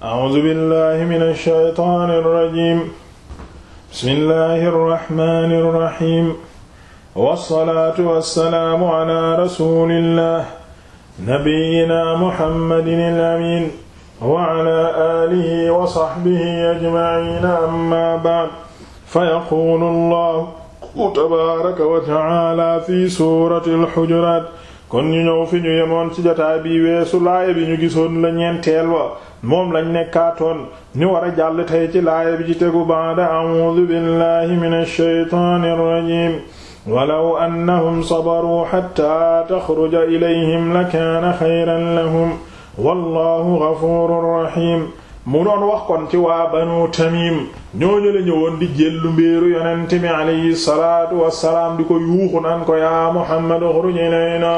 A'uuzu billaahi mina shaytaani rajiim. Bismillaahi rahmaani rahiim. Wassalaatu wassalaamu alaa rasuulillaah nabiyyinaa Muhammadin al-amiin wa alaa aalihi wa sahbihi ajma'iin ammaa ba'd. Fayaquulu Allaahu tabaaraka wa ta'aalaa fi suurati al-Hujuraat kon ñu ñëw fi ñu yemoon ci jotaay bi weesu laaya bi ñu gisoon la ñeenteel wa moom lañ nekkaatoon ñu war a jàll tey ci laaya bi ci tegu baada a'uudu billahi minash shaytaanir rajiim walaw annahum sabaruu xatta taxruja ilayhim lakaana xayran lahum wallahu gafuurun raxiim mu doon wax kon ci waa banu tamim ñooñu la ñëwoon di jëllu mbiiru yonent bi alayhi salaatu wassalaam di ko yuuxu naan ko yaa Muhammad xuruj ilayna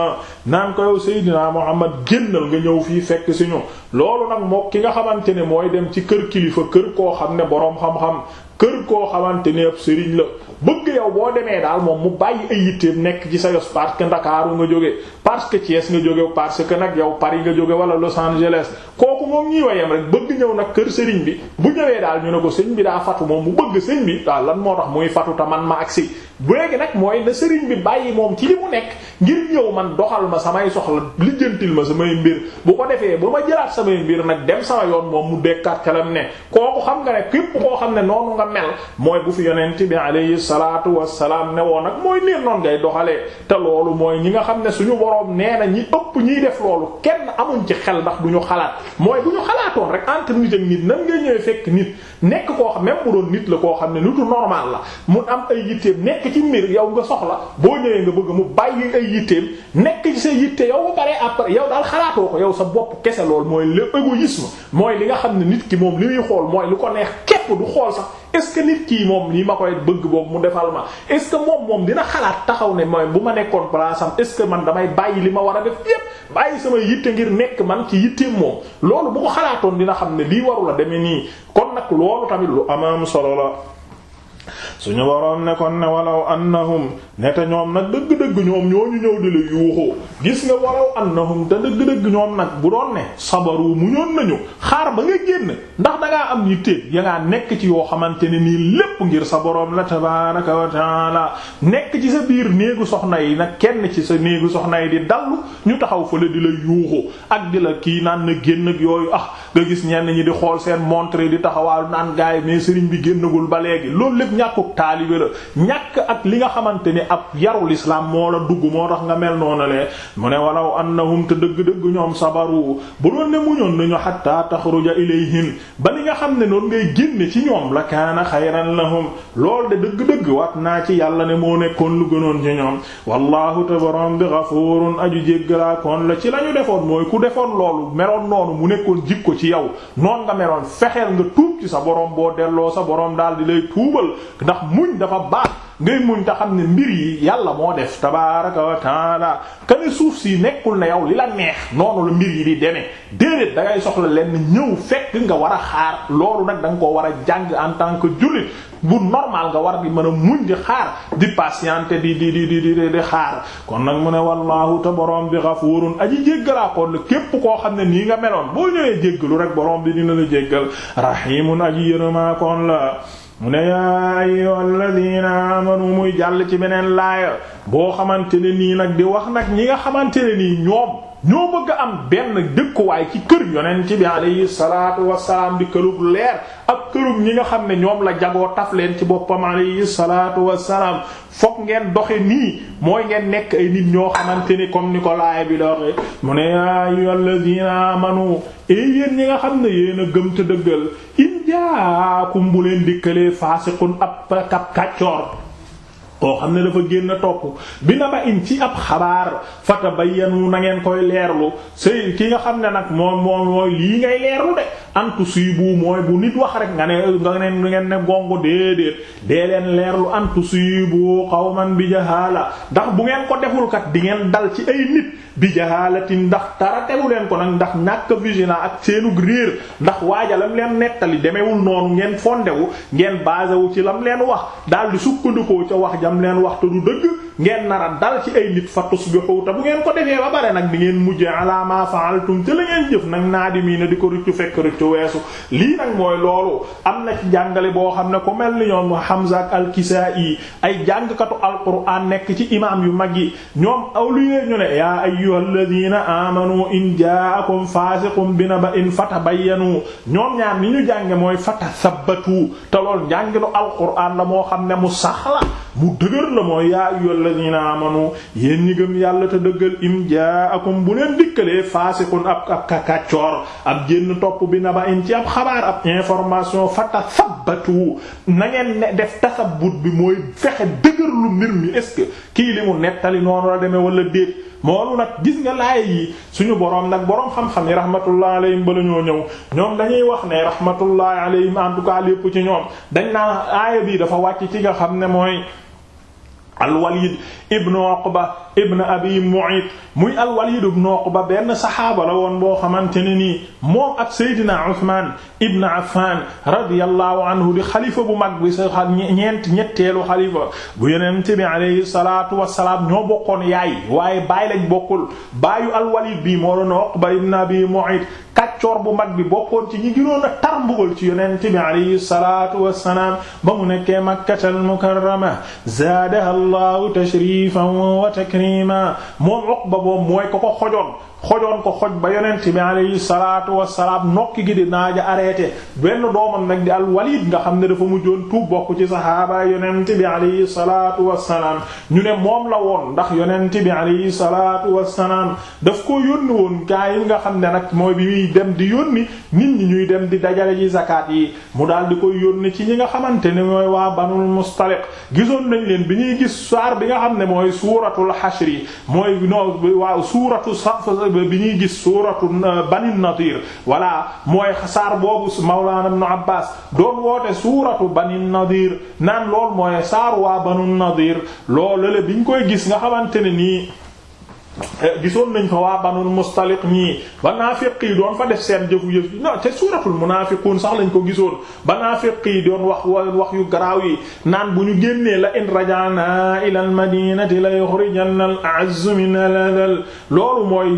naan ko yow Seydina Muhammad génnal nga ñëw fii fekk si ñu loolu nag moo ki nga xamante ne mooy dem ci kër kilifa kër koo xam ne boroom xam-xam kër koo xamante ne ab sëriñ la bëgg yow boo demee daal moom mu bàyyi ay yitteem nekk ci sa yos parce que Ndakaaru nga jóge parce que Thiès nga jóge parce que nag yow Paris nga jóge wala Los Angeles kooku moom ñii wayem rek bëgg ñëw nag kër sëriñ bi bu ñëwee daal ñu ne ko sëñ bi daa fatu moom mu bëgg sëñ bi daal lan moo tax muy fatu ta man ma agsi bu léegi nag mooy na sëriñ bi bàyyi moom ci li mu nekk ngir ñëw man doxal ma samay soxla lijjantil ma samay mbir bu ko defee ba ma jëlaat samay mbir nag dem sama yoon moom mu dekkaat kalam ne kooku xam nga képp koo xam ne noonu nga mel mooy bu fi yonent bi alayhi salaatu wassalaam ne woon nag mooy niir noonu ngay doxalee te loolu mooy ñi nga xam ne suñu boroom nee na ñi ëpp ñiy def loolu kenn amuñ ci xel ndax du ñu xalaat mooy bu ñu xalaatoon rek entre nit ak nit nan ngay ñëwee fekk nit nekk koo xam même bu doon nit la koo xam ne nitu normal la mu am ay yitteem nekk ci yow nga soxla boo ñëwee nga bëgg mu bàyyi ay yitteem nekk ci sa yitte yow ba pare après yow daal xalaatoo ko yow sa bopp kese loolu mooy l'égoïsme mooy li nga xam ne nit ki moom li xool mooy lu ko neex képp du xool sax est-ce que nit kii moom nii ma koy bëgg boobu mu defal ma est-ce moom moom dina xalaat taxaw ne mooy bu ma nekkoon place am est-ce que man damay bàyyi li ma war a def yépp bàyyi sama yitte ngir nekk man ci yitteem moom loolu bu ko xalaatoon dina xam ne lii waru la demee nii kon nag loolu tamit lu amaam solo la suñu waroon ne kon ne walaw annahum nete ñoom nag dëgg-dëgg ñoom ñoo ñu ñëw di la yuuxu gis nga waraw annahum te dëgg-dëgg ñoom nag bu doon ne sabaru muñoon nañu xaar ba nga génn ndax dangaa am nit ya ngaa nekk ci yoo xamante ne nii lépp ngir sa boroom la tabaaraka wa taala nekk ci sa biir néegu soxna yi nag kenn ci sa néegu soxna yi di dallu ñu taxaw fële di la yuuxu ak di la kii naan na génn yooyu ah nga gis ñenn ñi di xool seen montre di taxawaalu naan gaay mais sëriñ bi génnagul ba léegi loolu lépp ñàkkuk taalibe la ñàkk ak li nga xamante ni ab yarul lislaam moo la dugg moo tax nga mel noonu mu ne walaw annahum te dëgg-dëgg ñoom sabaru bu doon ne muñoon nañu hatta taxruja ilayhim ba li nga xam ne noonu ngay génne ci ñoom la kaana xayran lahum loolu de dëgg-dëgg waat naa ci yàlla ne moo nekkoon lu gënoon ci ñoom wallahu tabaram bi ghafurun aju jéggalaakoon la ci la defoon mooy ku defoon loolu meloon noonu mu nekkoon jikko ci yow noon nga meloon fexeel nga tuub ci sa borom boo delloo sa borom daal di lay tuubal ndax muñ dafa baax ngay muñ te xam ne mbir yi yàlla moo def tabaaraka wa taala kene suuf si nekkul na yow li la neex noonu la mbir yi di demee déedéet da ngay soxla lenn ñëw fekk nga war a xaar loolu nag da koo war a jàng en tant que jullit bu normal nga war di mën a muñ di xaar di bi di di di di di xaar kon nag mu ne wallaahu te boroom bi xafuurun aji jéggalaakoon la képp koo xam ne nii nga meloon boo ñëwee jéggalu rek borom bi dina la jéggal rahimun aji mu ne yaa ayyuha alladina amanu muy jàll ci beneen laaya boo xamante ne nii nag di wax nag ñi nga xamante ne nii ñoom ñoo bëgg am benn dëkkuwaay ci kër ci bi alayhi salaatu wasalaam di kërug leer ak ñi nga xam ne ñoom la jagoo taf leen ci boppam alayhi salaatu wasalaam fokk ngeen doxe nii mooy ngeen nekk ay nit ñoo xamante ni comme ni ko laaya bi doxe mu ne yaa ayyuha alladina amanu e yéen ñi nga xam ne yéen a gëm te dëggal jaakum bu leen dikkalee faasiqun ab kàccoor koo xam ne dafa génn topp bi na ba in ci ab xabaar fatabayyanu na ngeen koy leerlu sëy ki nga xam ne nag moom moom mooy lii ngay leerlu de antu siibu mooy bu nit wax rek nga ne nga ne ngeen ne gongo déedéet dee leen leerlu antu siibu qawman bi jahaala ndax bu ngeen ko defulkat di ngeen dal ci ay nit bi jahaalatin ndax dara tegu leen ko nag ndax ñàkk vigilant ak seenu réer ndax waaja lam leen nettali demewul noonu ngeen fondewu ngeen basé wu ci leen wax daal lam leen waxtu du dëgg ngeen nara dal ci ay nit fa tusbihu te bu ngeen ko defee ba bare nag di ngeen mujje ala ma fa'altum te la ngeen jëf nag naadimi na di ko rëccu fekk rëccu weesu lii nag mooy loolu am na ci jàngale boo xam ne ko mel ni ñoom Hamza ak al-Kisaa'i ay jàngkatu alquran nekk ci imaam yu mag yi ñoom awliyee ñu ne yaa ayyuhalladhina amanu in ja'akum fasiqun binaba'in fatabayyanu ñoom ñaar ni ñu jànge mooy fatasabbatu te lool jàngilu alquran la moo xam ne mu sax la mu dëgër la mooy yaa alladina amanu yéen ñi gëm yàlla te dëggal im jaakum bu leen dikkalee faasiqun ab ab kaccoor ab génn topp bi na ba in ci ab xabaar ab information fata sabbatu na ngeen ne def tasabbut bi mooy fexe dëgër lu mbir mi est-ce que kii li mu nettali noonu la demee wala déet moolu nag gis nga laay yi suñu boroom nag boroom xam-xam yi rahmatullahi alayhim bala ñoo ñëw ñoom dañuy wax ne rahmatullahi alayhim en tout ci ñoom dañ naan aaya bi dafa wàcc ci nga xam alwalid ibnu oqba ibn abi mu'ayt muy alwalid ibnu oqba benn saxaaba la woon boo xamante ne nii moom ak seydina uthman ibn affan radiyallahu anhu di xalifa bu mag bi sa ñeent ñetteelu xalifa bu yonent bi alayhi salatu wasalaam ñoo bokkoon yaay waaye baay lañ bokkul baayu alwalid bi moo doon oqba ibn abi mu'ayt kaccoor bu mag bi bokkoon ci ñi gënoon a tar mbugal ci yonent bi alayhi salatu wasalaam ba mu nekkee makkatal mukarrama zaadaha allahu tashrifan wa takrima moom Uqba boobu mooy ko ko xojoon xojoon ko xoj ba yonent bi alayhi salaatu wasalaam nokki gi di naaja arrêté benn doomam nag di alwalid nga xam ne dafa joon tuub bokk ci sahaaba yonent bi alayhi wa wasalaam ñu ne moom la woon ndax yonent bi alayhi wa wasalaam daf ko yónni woon gaa yi nga xam ne nag mooy bi muy dem di yónni nit ñuy dem di dajale ci zakat yi mu dal di koy yónni ci ñi nga xamante ne mooy waa banul saar bi nga xam ne mooy suuratul xashr yi mooy no waaw suuratu saf bi ñuy gis suuratu euh, bani nadir voilà mooy saar boobu mawlaana ibn abbas doon woote suuratu bani nadir naan lool mooy saar waa banu nadir loolu la biñ koy gis nga xamante ne nii Eh, gisoon nañ fa waa banul mustaliq ñii ba naafiq yi doon fa def seen jëfu yëf non te suuratul munaafiquun sax lañ ko gisoon ba naafiq yi doon wax wax yu garaaw yi naan bu ñu génnee la in rajaana ila al madinati la yuxrijanna al a'azzu min al adal loolu mooy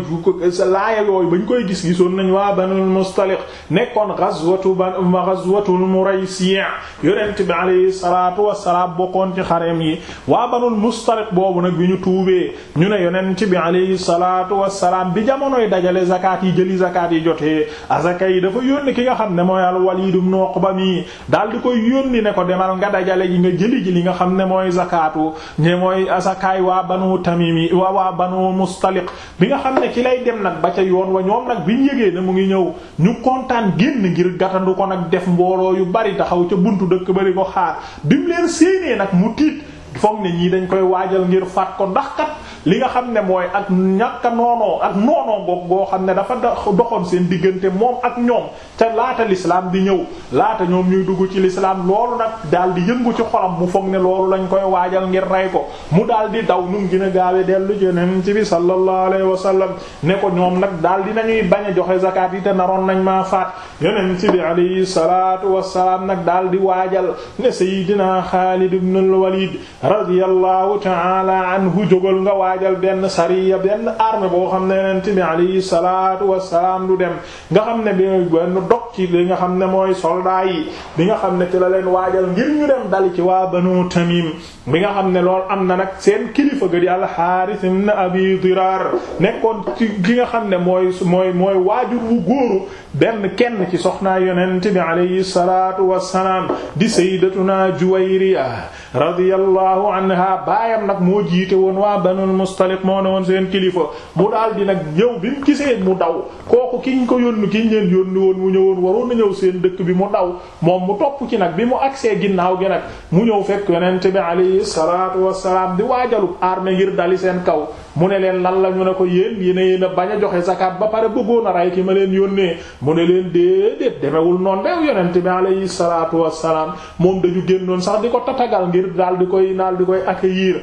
laaya yooyu bañ koy gis gisoon nañ waa banul mustaliq nekkoon ghazwatu ban ghazwatul muraysi' yonent bi alayhi salaatu wassalaam bokkoon ci xareem yi waa banul mustaliq boobu na bi ñu tuubee ñu ne yonent bi alayhi salaatu wassalaam bi jamonoy dajale zakat yi jëli zakat yi jotee azaka yi dafa yónni ki nga xam ne mooy al-Walid ibn Uqba mi daal di koy yónni ne ko demal nga dajale ji nga jëli ji li nga xam ne mooy zakatu ne mooy azakaay waa banu tamimi waa waa banu mustaliq bi nga xam ne ki lay dem nag ba ca yoon wa ñoom nag bi ñu yëgee ne mu ngi ñëw ñu kontaan génn ngir gatandu ko nag def mbooloo yu bari taxaw ca buntu dëkk bari ko xaar bi mu leen séenee nag mu tiit foog ne ñii dañ koy waajal ngir faat ko ndax kat li nga xam ne mooy ak ñàkk a noonoo ak noonoo ngoo goo xam ne dafa doxoon seen diggante moom ak ñoom te laata l'islam di ñëw laata ñoom ñuy dugg ci lislaam loolu nag daal di yëngu ci xolam mu foog ne loolu lañ koy waajal ngir rey ko mu daal di daw nu gën a gaawe dellu ci yeneen bi sallallahu alayhi wa sallam ne ñoom nag daal di nañuy bañ a joxe zakat yi te naroon nañ maa faat yeneen ci bi alayhi salatu wasalaam nag daal di waajal ne sayyidina Xaalid ibn al-Walid radiyallahu anhu jógal nga waajal benn sariya benn armée boo xam ne yonent bi alayhi salaatu wassalaam dem nga xam ne bi benn dog ci nga xam ne mooy soldat yi bi nga xam ne ci la leen waajal ngir ñu dem dali ci waa banu tamim bi nga xam ne loolu am na nag seen kilifa ga di alxaaris ibn abi diraar nekkoon ci ki nga xam ne mooy mooy mooy waajur wu góoru benn kenn ci soxna yonent bi alayhi salaatu wassalaam di sayyidatuna juwayriya radiyallahu anha baayam nag moo jiite woon waa banu Mustaliq moo ne woon seen kilifa mu daal di nag ñëw bi mu gisee mu daw kooku kiñ ko yónni kiñ leen yónni mu ñëwoon waroon na ñëw seen dëkk bi mu daw moom mu topp ci nag bi mu agsee ginnaaw gi mu ñëw fekk yonent bi alayhi salaatu wassalaam di waajalub armée ngir dali seen kaw mu ne leen lan la ñu ne ko yéen yéen a yéen a bañ joxe zakat ba pare bëggoon a rey ki ma leen yónnee mu ne leen déedéet demewul noonu dew yonent bi alayhi salaatu wassalaam moom dañu génnoon sax di ko tatagal ngir daal di koy daal di koy accueillir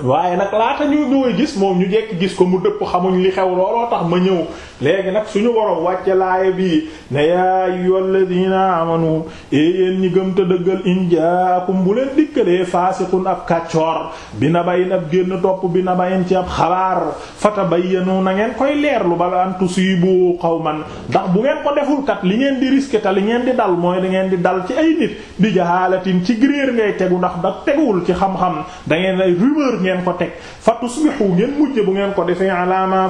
waaye nag laata ñu ñooy gis moom ñu jekk gis ko mu dëpp xamuñ li xew looloo tax ma ñëw léegi nag suñu borom wàcce laaya bii ne yaa ayyuhal ladina amanu e yéen ñi gëm te dëggal in jaakum bu leen dikkalee faasiqun ab kàccoor bi na bayin ab génn topp bi na ba bayin ci ab xabaar fatabayyanu na ngeen koy leerlu bala an tusibu qawman ndax bu ngeen ko deful kat li ngeen di risqué te li ngeen di dal mooy da ngeen di dal ci ay nit bi jahaalatin ci gréer ngay tegu ndax da teguwul ci xam-xam da ngeen ay rumeur ngeen ko teg fa tusbihu ngeen mujj bu ngeen ko defee ala ma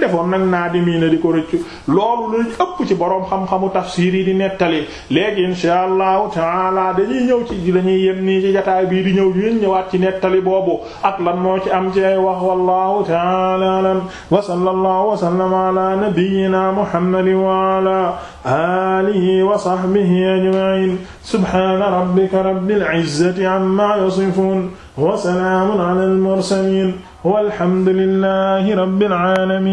defoon nag naadimiina di ko rëccu loolu lañ ëpp ci boroom xam-xamu tafsiir yi di nettali léegi insha allahu taala dañuy ñëw ci lañuy yem nii ci jataay bii di ñëw ñu ñëwaat ci nettali boobu ak lan moo ci am ci ay wax wallahu taala alam wa sallallahu wa sallama ala nabiyyina muhammadin wa ala alihi wa sahbihi ajma'in subhana rabbika rabbil izzati amma yasifun wa salaamun ala al mursalin والحمد لله رب العالمين